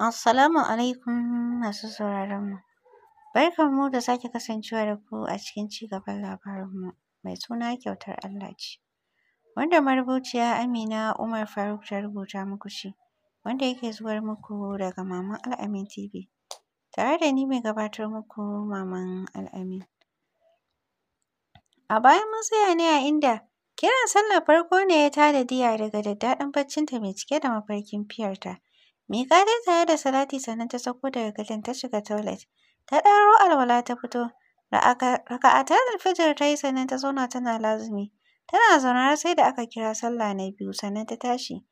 Assalamu alaikum masu sauraron mu. Barkan mu da sake kasancewa da ku a cikin cigaban labarin mu mai suna kyautar Allah ce. Wanda marubuciya Amina Umar Faruk ta rubuta muku shi. Wanda yake zuwar muku daga Maman Al'amin TV. Tare da ni mai gabatar muku Maman Al'amin. A baya mun tsaya ne a inda kiran sallar farko ne ya tada Diya daga daddaɗan baccinta mai cike da mafarkin fiyarta. mika dai tare da salati sannan ta sauko daga gadon ta shiga toilet. Ta ɗauro alwala ta fito. Raka'atan alfijir ta yi sannan ta zauna tana lazumi. Tana zaune har sai da aka kira sallah na biyu sannan ta tashi.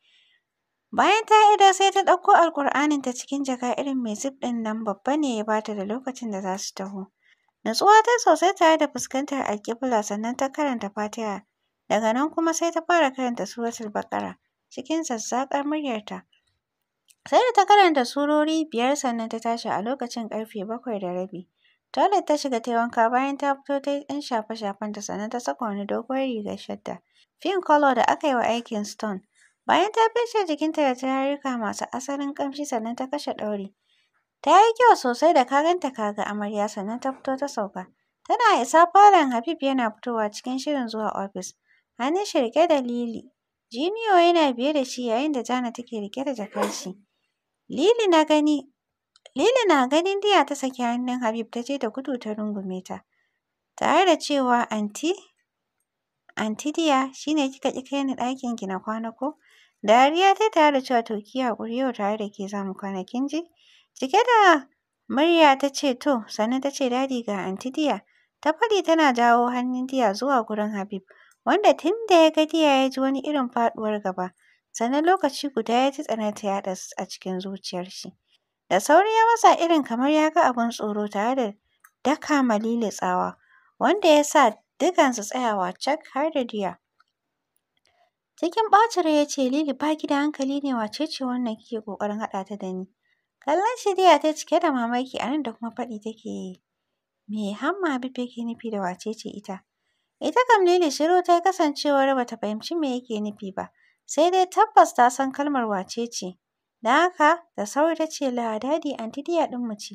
Bayan ta ido sai ta ɗauko alƙur'anin ta cikin jaka irin mai zip ɗin nan babba ne ya bata da lokacin da za su taho. Natsuwa ta sosai tare da fuskantar alƙibla sannan ta karanta Fatiha. Daga nan kuma sai ta fara karanta Suratul Baƙara cikin zazzaƙar muryarta. Sai da ta karanta surori biyar sannan ta tashi a lokacin karfe bakwai da rabi. Toilet ta shiga ta yi wanka bayan ta fito ta yi ɗan shafe shafen ta sannan ta saka wani doguwar rigar shadda. Fin Colo da aka yi wa aikin stone. Bayan ta jikin jikinta da turarurruka masu asalin kamshi sannan ta kashe ɗauri. Ta yi kyau sosai da ka ganta ka ga amarya sannan ta fito ta sauka. Tana isa falon Habib yana fitowa cikin shirin zuwa ofis. Hannun shi riƙe da Lily. Junior yana biye da shi yayin da Jana take rike da jakar shi. Lili na gani Lili na ganin Diya ta saki hannun Habib ta je da gudu ta rungume ta. Tare da cewa anti, anti Diya shi kika ki kai ni ɗakin ki na kwana ko? Dariya ta tare da cewa to ki haƙuri yau tare da ke za mu kwana kin ji? Cike da murya ta ce to sannan ta ce dadi ga anti Diya. Ta faɗi tana jawo hannun Diya zuwa gurin Habib wanda tun da ya ga Diya ya ji wani irin faɗuwar gaba. sannan lokaci guda ya ji tsana ta ɗasu a cikin zuciyar shi. Da sauri ya matsa irin kamar ya ga abin tsoro tare da daka ma tsawa, wanda ya sa dukansu tsayawa cak har da diya. Cikin ɓacin rai ya ce, Lili ba ki hankali ne wace ce wannan kike ƙoƙarin haɗa ta da ni? Kallon shi diya ta cike da mamaki a nan da kuma faɗi take yi. Me Hamma Habib ke nufi da wace ce ita? Ita kam Lili shiru ta yi kasancewar bata fahimci me yake nufi ba. sai dai tabbas ta san kalmar wace ce. Don haka da sauri ta ce la dadi anti diya mu ce.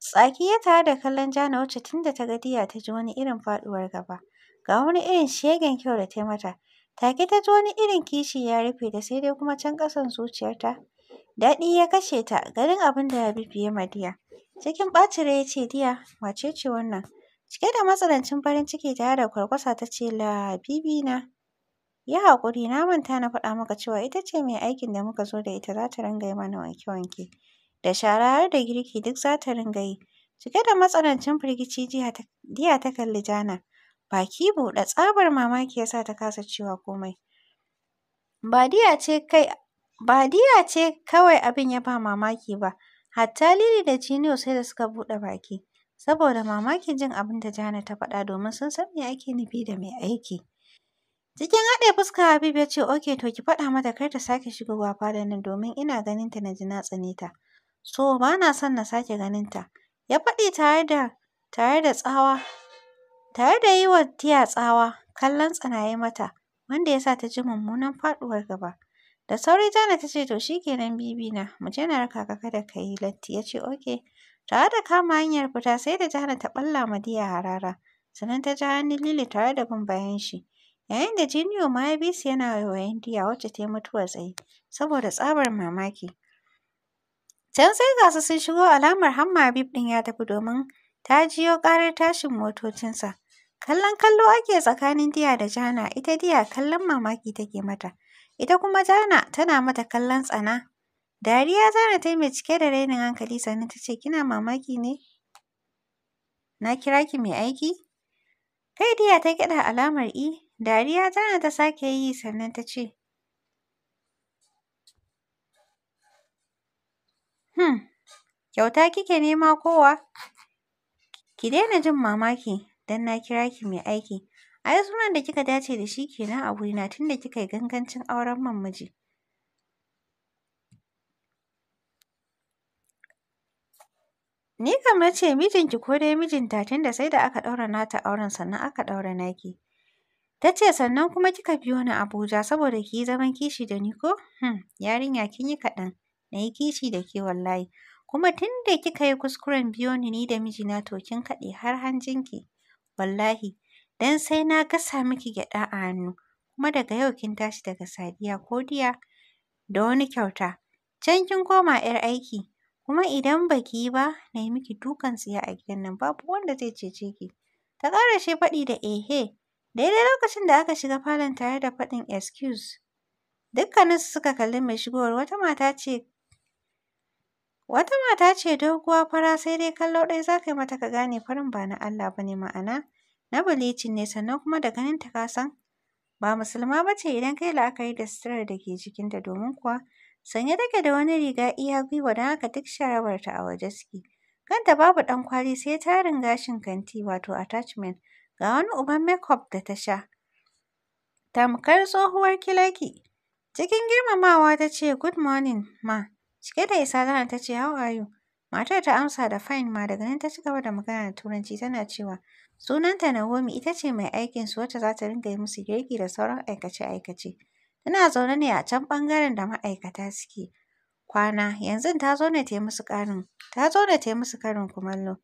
Tsaki ya tare da kallon Jana wacce tun da ta ga diya ta ji wani irin faɗuwar gaba. Ga wani irin shegen kyau da ta yi mata. Take ta ji wani irin kishi ya rufe da, sai dai kuma can ƙasan zuciyarta. Daɗi ya kashe ta ganin abin da ya bibiye ma diya. Cikin ɓacin rai ya ce diya wace ce wannan? Cike da matsanancin farin ciki tare da kwarkwasa ta ce la bibi na. Yi haƙuri na manta na faɗa maka cewa ita ce mai aikin da muka zo da ita za ta ringa yi mana wanke-wanke da shara har da girki duk za ta ringa yi. Cike da matsanancin firgici jiya ta kalli Jana, baki buɗe tsabar mamaki ya sa ta kasa cewa komai. Ba Diya ce kawai abin ya ba mamaki ba, hatta Lili da Jiniyo sai da suka buɗe baki saboda mamakin jin abin da Jana ta faɗa domin sun san me ake nufi da mai aiki. Cikin haɗe fuska Habib ya ce oke to ki faɗa mata kar ta sake shigowa falon nan domin ina ganin ta na ji na tsane ta. So ba na son na sake ganin ta. Ya faɗi tare da tare da tsawa tare da yi wa Tiya tsawa kallon tsanaye mata wanda ya sa ta ji mummunan faɗuwar gaba. Da sauri jana ta ce to shi kenan bibi na mu je na raka ka kada ka yi latti ya ce oke. Tare da kama hanyar fita sai da Janet ta ɓalla ma Diya harara sannan ta ja hannun Lily tare da bin bayan shi. Yayin da Jinyo ma ya yana wa Diya wacce ta yi mutuwar tsaye, saboda tsabar mamaki. Can sai ga su sun shigo alamar Hamma Habib ɗin ya tafi domin ta jiyo ƙarar tashin motocinsa. Kallon kallo ake tsakanin Diya da Jana, ita Diya kallon mamaki take mata, ita kuma Jana tana mata kallon tsana. Dariya Jana ta yi mai cike da rainin hankali sannan ta ce, kina mamaki ne? Na kira ki mai aiki? Kai diya ta gyaɗa alamar i, e, dariya tana ta sake yi sannan ta ce, Hmm, kyauta kike nema kowa? Ki daina jin mamaki don na kira ki mai aiki. Ai sunan da kika dace da shi kenan a wurina tunda kika yi gangancin auren man miji. Ni kamar ce mijinki ko dai mijinta tunda sai da aka ɗaura nata auren sannan aka ɗaura naki. Ta ce sannan kuma kika biyo ni Abuja saboda kiyi zaman kishi da ni ko? Hmm, yarinya kin yi kaɗan. Na yi kishi da ke wallahi. Kuma tun da kika yi kuskuren biyo ni ni da mijina to kin kaɗe har hanjinki. Wallahi, dan sai na gasa miki gyaɗa a hannu. Kuma daga yau kin tashi daga sadiya ko diya da wani kyauta. Can kin koma 'yar aiki. kuma idan baki ba na yi miki dukan tsiya a gidan nan babu wanda zai cece ki. Ta shi faɗi da ehe, daidai lokacin da aka shiga falon tare da faɗin excuse. Dukkaninsu suka kalli mai shigowar wata mata ce Wata mata ce doguwa fara sai dai kallo ɗaya za ka yi mata ka gane farin ba na Allah ba ne ma'ana na bilicin ne sannan kuma da ganin ta ka san ba musulma ba ce idan kai la'akari da suturar da ke jikinta domin kuwa Sanye take da wani riga iya gwiwa don haka duk sharabarta a waje suke. Kanta babu kwali, sai tarin gashin kanti wato attachment ga wani uban makeup da ta sha. Tamkar tsohuwar kilaki. Cikin girmamawa ta ce good morning ma. Cike da isa Zara ta ce how are you? Matar ta amsa da fine ma daga nan ta ci gaba da magana da turanci tana cewa sunanta Naomi ita ce mai aikin su wacce za ta ringa yi musu girki da sauran aikace-aikace. Ina zaune ne a can ɓangaren da ma'aikata suke kwana. yanzu ta zo ne ta yi musu ƙarin, ta zo ne ta yi musu karin kumallo.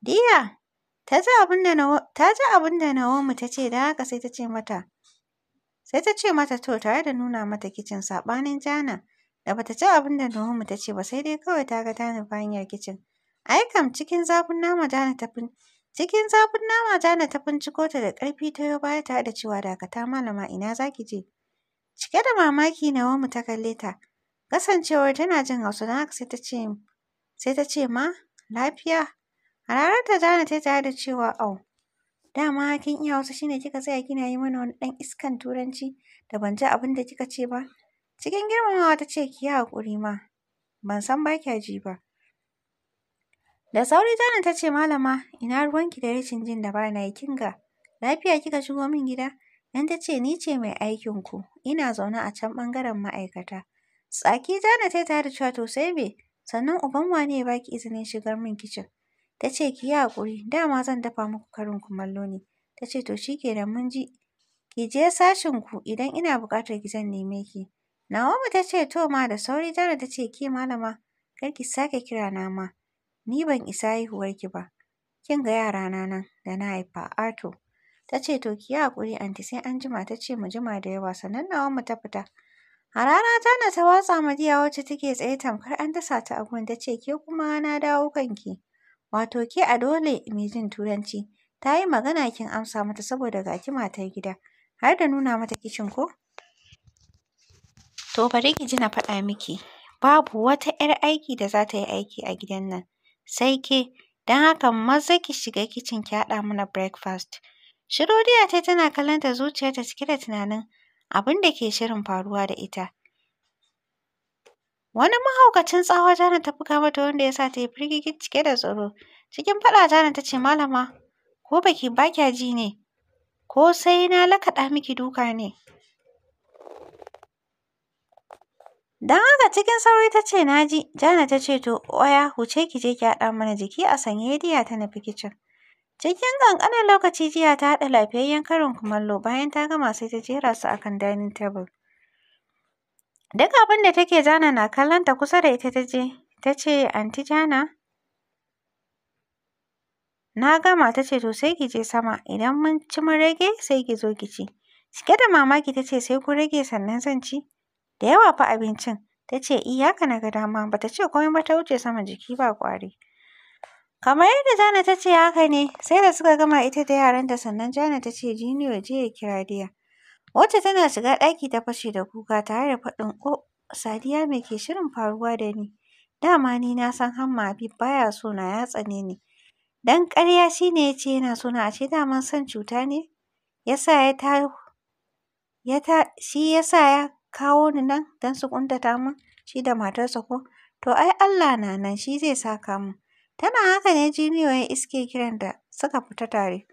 Diya, ta ji abin da Nawomi ta ce don haka sai ta ce mata, sai ta ce mata to tare da nuna mata kicin saɓanin Jana da bata ji abin da Na'omi ta ce ba sai dai kawai ta ga ta nufa hanyar kicin. Ai kam cikin zafin nama Jana ta fin cikin zafin nama Jana ta finciko ta da ƙarfi ta yo baya tare da cewa dakata malama ina za ki je? Cike da mamaki wamu ta kalle ta. Kasancewar tana jin Hausa don haka sai ta ce sai ta ce ma lafiya. A ranar ta Jana ta tare da cewa au dama kin iya Hausa shine kika tsaya kina yi mana wani ɗan iskan turanci da ban ji abin da kika ce ba. Cikin girmamawa ta ce ki yi hakuri ma ban san ba kya ji ba. Da sauri Jana ta ce malama ina ruwanki da rashin jin da bana na yi kinga lafiya kika shigo min gida Nan ta ce ni ce mai aikin ku, ina zaune a can ɓangaren ma'aikata. Tsaki Jana ta tare cewa to sai me? Sannan uban wane ya baki izinin shigar min kicin? Ta ce ki yi haƙuri, dama zan dafa muku karin kumallo ne. Ta ce to shi ke da mun ji. Ki je sashin ku idan ina buƙatar ki zan neme ki. Naomi ta ce to ma da sauri Jana ta ce ki malama kar ki sake kira na ma. Ni ban isa haihuwar ki ba. Kin ga yara na nan da na haifa ato. Ta ce to ki yi anti sai an jima ta ce mu jima da yawa sannan mu ta fita. A rana ta na ta watsa ma jiya wacce take tsaye tamkar an dasa ta a gun ta ce ke kuma na dawo kanki. Wato ke a dole mai jin turanci. Ta yi magana kin amsa mata saboda ga ki matar gida. Har da nuna mata kicin ko? To bari ki ji na faɗa miki. Babu wata 'yar aiki da za ta yi aiki a gidan nan. Sai ke. Don haka maza ki shiga kicin ki haɗa mana breakfast. Sharholiya ta tana kallon ta zuciyarta cike da tunanin abin da ke shirin faruwa da ita. Wani mahaukacin tsawa Janet ta buga mata wanda ya sa ta yi firgigit cike da tsoro. Cikin faɗa Janet ta ce, Malama, ko baki ba kya ji ne, ko sai na lakaɗa miki duka ne. Don haka cikin sauri ta ce, Na ji. Janet ta ce, To, oya, huce ki je ki haɗa mana jiki a sanye diya ta nufi kicin. Cikin ƙanƙanin lokaci jiya ta haɗa lafiyayyen karin kumallo bayan ta gama sai ta jera su a kan dining table. Duk abin da take zana na kallonta kusa da ita ta je ta ce anti Jana na gama ta ce to sai ki je sama idan mun ci mun rage sai ki zo ki ci. Cike da mamaki ta ce sai kun rage sannan zan ci. Da yawa fa abincin ta ce i eh, haka na ga dama ba ta ce komai ba ta wuce sama jiki ba ƙwari. Kamar yadda Jana ta ce haka ne, sai da suka gama ita da yaranta sannan Jana ta ce Jiniyo je ya kira Diya. Wacce tana shiga ɗaki ta fashe da kuka tare da faɗin "Ko Sadiya me ke shirin faruwa da ni? Dama ni na san Hamma Habib baya so na ya tsane ni. Dan ƙarya shi ne ya ce yana so na ashe daman son cuta ne? Ya ya ta ya ta shi ya sa ya kawo ni nan dan su ƙuntata min shi da matarsa ko? To ai Allah na nan shi zai saka min. Tana haka ne jiniyoyin iske kiran da suka fita tare.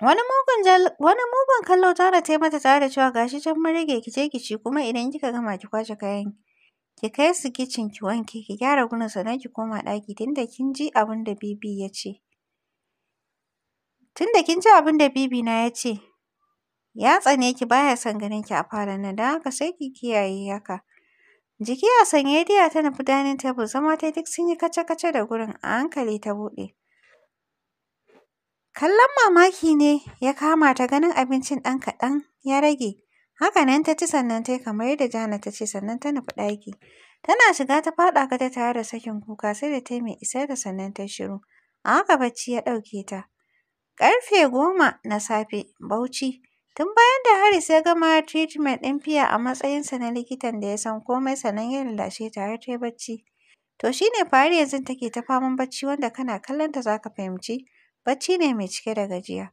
Wani mugun kallo Tara ta mata tare da cewa gashi can mun rage ki je ki ci kuma idan kika gama ki kwashe kayan ki kai su kicin ki wanke ki gyara gunan sannan ki koma ɗaki tunda kin ji abin da Bibi ya ce. Tunda kin ji abin da Bibi na ya ce ya tsane ki baya son ganin ki a fara nan don haka sai ki kiyaye haka. Jiki a sanye Diya ta nufi dining table zama ta duk sun yi kace-kace da gurin a hankali ta buɗe. Kallon mamaki ne ya kama ta ganin abincin ɗan kaɗan ya rage. Haka nan ta ci sannan ta yi kamar yadda Jana ta ce sannan ta nufi ɗaki. Tana shiga ta faɗa gado tare da sakin kuka sai da ta yi mai isar da sannan ta shiru. A haka bacci ya ɗauke ta. Ƙarfe goma na safe Bauchi Tun bayan da Harris ya gama treatment ɗin fiya a matsayinsa na likitan da ya san komai sannan ya lallashe ta har ta yi bacci, to shi ne Fari yanzu take ta faman bacci wanda kana ta za ka fahimci bacci ne mai cike da gajiya.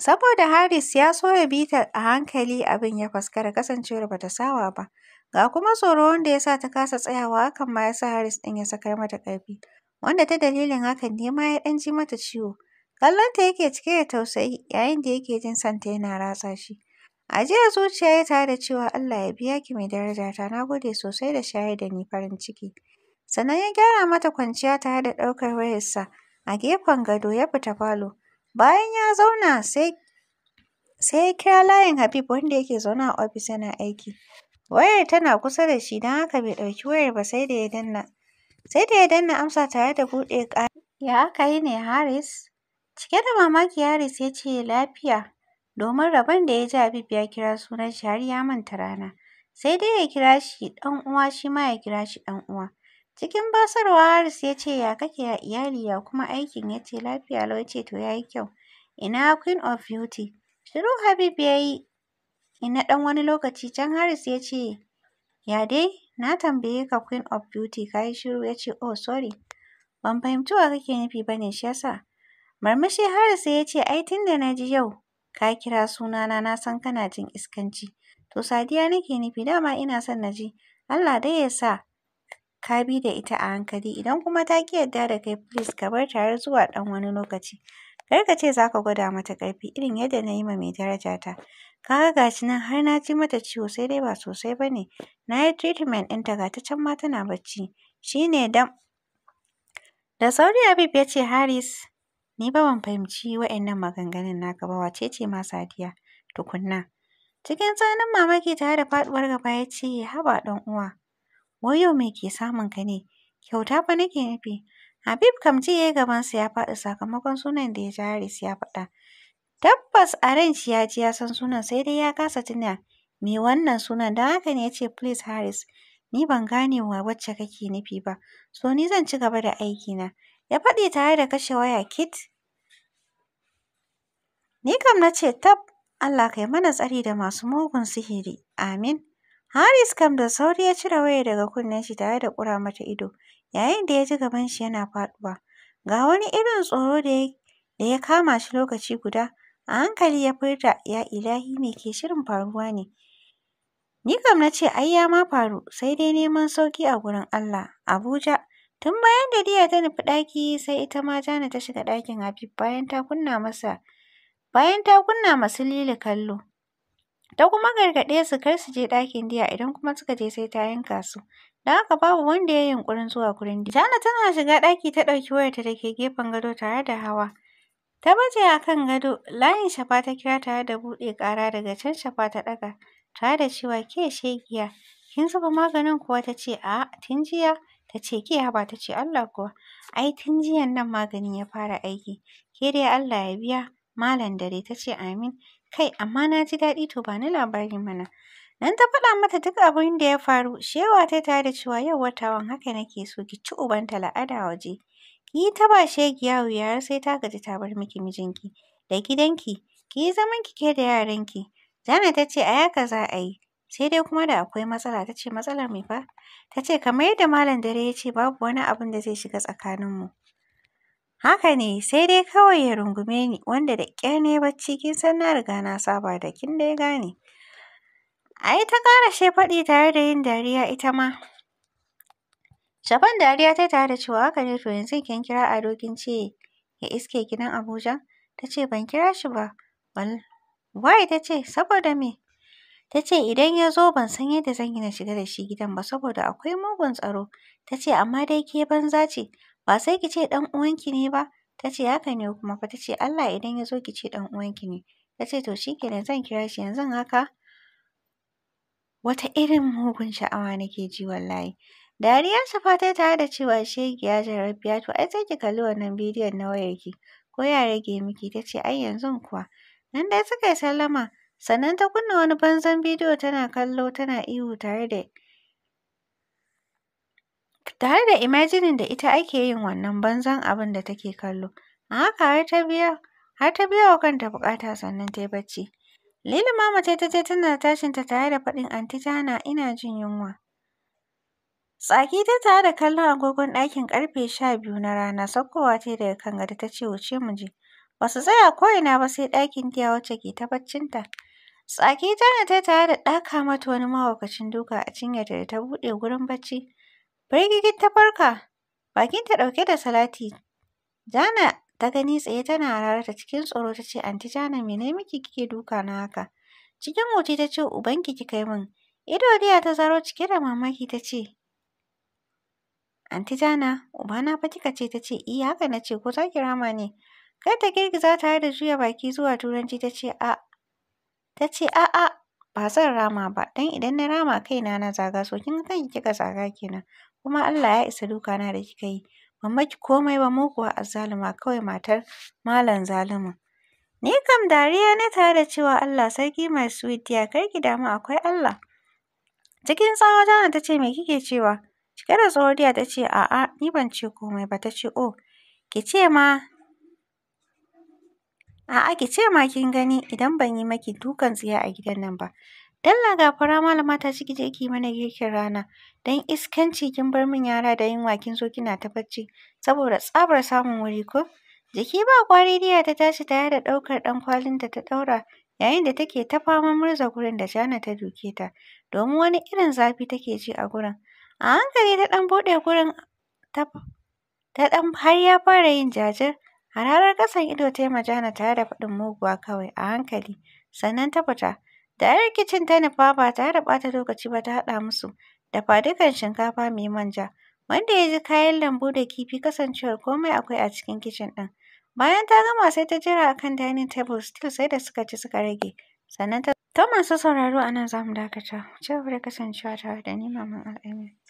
Saboda Harris ya so ya bi ta a hankali abin ya faskara kasancewar bata sawa ba, ga kuma tsoro wanda ya sa ta kasa tsayawa hakan ma ya sa Harris ɗin ya sakar mata ƙarfi, wanda ta dalilin hakan ne ma ya ɗan ji mata ciwo. Kallonta yake cike da tausayi yayin da yake jin santa yana ratsa shi. A jiya, zuciya ya tare da cewa Allah ya biya ki mai daraja ta na gode sosai da shayar da ni farin ciki. Sannan ya gyara mata kwanciya tare da ɗaukar wayarsa a gefen gado ya fita falo. Bayan ya zauna sai sai ya kira layin Habib wanda yake zaune a ofis yana aiki. Wayar tana kusa da shi don haka bai ɗauki wayar ba sai da ya danna sai da ya danna amsa tare da buɗe ƙa Ya aka yi ne Haris? Cike da mamaki Haris ya ce lafiya domin rabon da ya ji Habib ya kira sunan shi har ya manta rana. Sai dai ya kira shi ɗan uwa shi ma ya kira shi ɗan uwa. Cikin basarwa Haris ya ce ya kake ya iyali ya kuma aikin ya ce lafiya lau ya ce to ya yi kyau. Ina Queen of Beauty. Shiru Habib ya yi ina ɗan wani lokaci can Haris ya ce ya dai na tambaye ka Queen of Beauty ka shiru ya ce oh sorry ban fahimci wa kake nufi ba ne shi yasa. Marmashi Harisu ya ce ai tun da na ji yau ka kira sunana na san kana jin iskanci. To Sadiya nake nufi dama ina son na ji. Allah dai ya sa ka bi da ita a hankali idan kuma ta ƙi yarda da kai please ka bar tare zuwa ɗan wani lokaci. Kar ka ce za ka gwada mata ƙarfi irin yadda na yi ma mai daraja ta. Ka ga shi nan har na ji mata ciwo sai dai ba sosai ba ne. Na yi treatment ɗinta ga ta can ma tana bacci. Shi ne dam. Da sauri Habib ya ce Haris Ni fa ban fahimci wa'yannan maganganun na ba, wace ce ma Sadiya? Tukunna. Cikin tsananin mamaki tare da faɗuwar gaba ya ce, haba ɗan uwa, wai yau me ke samun ka ne? Kyauta fa nake nufi. Habib kam ya yi gabansa ya faɗi sakamakon sunan da ya ji Haris ya faɗa. Tabbas a ran shi ya ji ya san sunan sai dai ya kasa tuna me wannan sunan Dan haka ne ya ce please Haris, ni ban gane wa wacce kake nufi ba, so ni zan ci gaba da aiki na. ya faɗi tare da kashe waya kit. Ni kam na ce tab Allah kai mana tsari da masu mugun sihiri, amin. Haris kam da sauri ya cire waya daga kunnen shi tare da ƙura mata ido, yayin da ya ji gaban shi yana faɗuwa. Ga wani irin tsoro da ya kama shi lokaci guda, a hankali ya furta ya ilahi me ke shirin faruwa ne. Ni kam na ce ai ya ma faru, sai dai neman sauki a gurin Allah. Abuja, Tun bayan da Diya ta nufi ɗaki sai ita ma Jana ta shiga ɗakin Habib bayan ta kunna masa bayan ta kunna masu Lili kallo. Ta kuma gargaɗe su kar su je ɗakin Diya idan kuma suka je sai ta yanka su. Don haka babu wanda ya yi yunƙurin zuwa gurin Diya. Jana tana shiga ɗaki ta ɗauki wayarta da ke gefen gado tare da hawa. Ta baje a kan gado, layin shafa ta kira tare da buɗe ƙara daga can shafa ta ɗaga tare da cewa ke shegiya, kin zuba maganin kuwa ta ce a'a tun jiya. Ta ce ya haba ce Allah kuwa ai tun jiyan nan maganin ya fara aiki. Ke dai Allah ya biya malam dare ta ce amin. Kai amma na ji daɗi to ba ni labari mana. Nan ta faɗa mata duk abin da ya faru shewa ta tare da cewa yau watawan haka nake so ki ci ubanta la'ada waje. Ki yi ta ba shegiya wuya sai ta gaji ta bar miki mijinki da gidanki. Ki yi zaman ki ke da yaranki. Jana ta ce a ya za a yi. sai dai kuma da akwai matsala ta ce matsalar mai fa ta ce kamar yadda malam dare ya ce babu wani abin da zai shiga tsakaninmu haka ne sai dai kawai ya rungume ni wanda da ƙyar ne bacci kin san na riga na saba da kin da ya gane ai ta ƙara shi faɗi tare da yin dariya ita ma Shafan dariya ta tare da cewa haka ne to yanzu kin kira Ado kin ce ya iske gidan Abuja ta ce ban kira shi ba wal wai ta ce saboda me Ta ce idan ya zo ban san yadda zan yi na shiga da shi gidan ba saboda akwai mugun tsaro. Ta ce amma dai ke banza ce, ba sai ki ce ɗan uwanki ne ba. Ta ce haka ne kuma fa ta ce Allah idan ya zo ki ce dan uwanki ne. Ta ce to shi zan kira shi yanzu haka. Wata irin mugun sha'awa nake ji wallahi. Dariya Safa ta tare da cewa ya jarabiya to ai sai ki kalli wannan bidiyon na wayarki ko ya rage miki ta ce ai yanzu kuwa. Nan dai suka yi sallama. sannan ta kunna wani banzan bidiyo tana kallo tana ihu tare da tare da imajinin da ita ake yin wannan banzan abin da take kallo a haka har ta biya har ta biya wa kanta bukata sannan ta yi bacci Lili mama ce ta je tana tashin ta tare da faɗin anti Jana ina jin yunwa tsaki ta tare da kallon agogon ɗakin karfe sha biyu na rana saukowa ta daga kan gado ta ce wuce mu je ba su tsaya ko ina ba sai ɗakin tiya wacce ke ta baccinta Tsaki ta tare da ɗaka mata wani mahaukacin duka a cinyarta da ta buɗe gurin bacci. Firgigit ta farka, bakinta ɗauke da salati. Jana ta gani tsaye tana hararta cikin tsoro ta ce, Anti Jana mene miki kike duka na haka? Cikin wuce ta ce, Ubanki kika yi min. Ido diya ta zaro cike da mamaki ta ce, Anti Jana, ubana fa kika ce ta ce, Iya eh, haka na ce, ko za ki rama ne? Kai ta girgiza tare da juya baki zuwa Turanci ta ce, A, Ta ce a'a ba zan rama ba dan idan na rama kaina na zaga so kin ki kika zaga kenan kuma Allah ya isa dukana da kika yi mamma ki komai ba mu kuwa azzaluma kawai matar malam zaluma. Ni kam dariya ne tare da cewa Allah sarki mai sweet ya kar ki damu akwai Allah. Cikin tsawa tana ta ce me kike cewa? Cike da tsoriya ta ce a'a ni ban ce komai ba ta ce oh ki ce ma A'a ki ce ma kin gani idan ban yi maki dukan tsiya a gidan nan ba. Dalla ga fara malama ta ciki ki mana girkin rana. Dan iskanci kin bar min yara da yunwa kin zo kina ta bacci saboda tsabar samun wuri ko? Jiki ba kwari diya ta tashi ta da ɗaukar ɗan kwalin da ta ɗaura yayin da take ta faman murza gurin da Jana ta duke ta domin wani irin zafi take ji a gurin. A hankali ta ɗan buɗe gurin ta ɗan har ya fara yin jajir Hararar ƙasan ido ta yi majana tare da faɗin muguwa kawai a hankali, sannan ta fita. Da ‘yar kicin ta nufa ba tare da ɓata lokaci ba ta haɗa musu dafadukan shinkafa mai manja, wanda ya ji kayan lambu da kifi kasancewar komai akwai a cikin kicin ɗin. Bayan ta gama sai ta jira a kan dainin table still sai da suka ci suka rage. Sannan ta To masu sauraro a nan za mu dakata. Ku da kasancewa tare da ni Maman Al'amin.